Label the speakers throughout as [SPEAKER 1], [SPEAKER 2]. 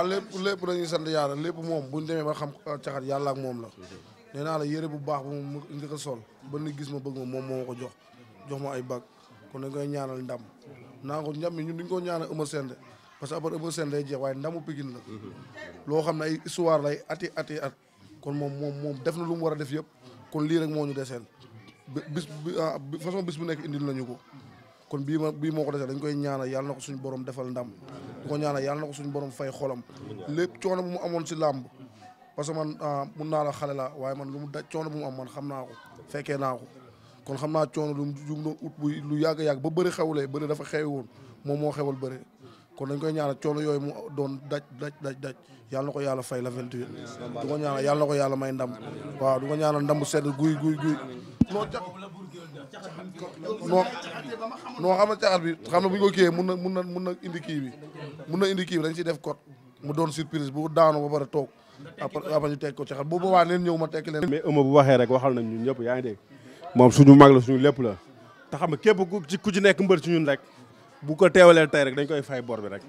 [SPEAKER 1] ah lépp lépp dañuy sant yàlla lépp moom bu ñu demee ba xam euh, caxat yàlla ak moom la nee naa la yére bu baax bu mu njëkk ba ni ma bëgg ma moom moo ko jox jox ma ay bag kon dañ koy ñaanal ndam naa ko ndam mi ñun duñ ko ñaanal Eumeu Sène parce que après Eumeu Sène day jeex waaye ndamu Pikine la loo xam ne ay lay ati ati at kon moom moom moom def na lu mu war a def yëpp kon lii rek moo ñu deseel bis ah, bi façon bis bu nekk indil nañu ko kon bii ma bii moo ko deseel dañ koy ñaanal yàlla na ko suñu boroom defal ndam di ko ñaanal na ko suñu borom fay xolam lépp coono bu mu amoon si làmb parce que man ah, mun naa la xale la waaye man lu mu da coono bu mu am man xam naa ko fekkee naa ko kon xam naa coono lu mu doon ut bu lu yàgg yàgg ba bëri xewlee bëri dafa xewi moom moo xewal bëri kon dañ koy ñaanal coono yooyu mu doon daj daj daj daj yàlla na ko yàlla fay la 28 du ko ñaanal yàlla na ko yàlla may ndam waaw du ko ñaanal ndam sedd guy guy guy non ca non non xam na caxat bi xam na bu ñu ko mun na mun na mun na indi kii bi mun na indi kii bi dañ ciy def code mu doon surprise bu daanu ba pare toog après après ko ci xam bu boobaa neen ñëw ma tekk leen mais ëma bu waxee rek waxal na ñun ñëpp yaa ngi dégg
[SPEAKER 2] moom suñu mag la suñu lépp la te xam nga képp ku ci nekk mbër ci ñun rek bu ko teewalee tey rek dañ koy fay bor bi rek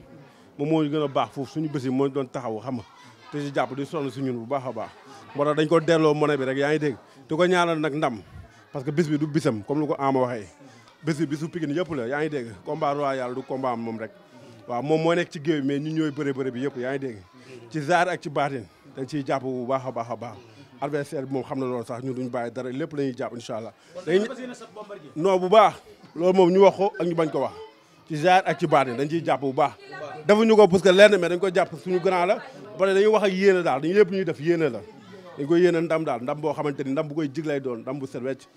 [SPEAKER 2] moom moo gën a baax foofu suñu bés yi moo doon taxaw xam nga te ci jàpp di sonn si ñun bu baax a baax moo tax dañ ko delloo monnaie bi rek yaa ngi dégg di ko ñaanal nag ndam parce que bis bi du bisam comme lu ko Ama waxee bis yëpp la ngi dégg combat royal du combat am moom rek waaw moom moo nekk ci géew mais ñun ñooy bëre bëre bi yëpp yaa ngi dégg ci zaar ak ci baatin dañ ciy jàpp bu baax a baax a baax adversaire bi moom xam na lool sax ñu duñu bàyyi dara lépp la ñuy jàpp allah dañ bu baax loolu moom ñu wax ko ak ñu bañ ko wax ci zaar ak ci baatin dañ ciy jàpp bu baax ñu ko parce que lenn mais dañ ko jàpp suñu grand la bare dañuy wax ak yéene daal dañu yëpp ñuy def yéene la dañ koy yéene ndam daal ndam boo xamante ni ndam bu koy jiglay doon ndam bu set wecc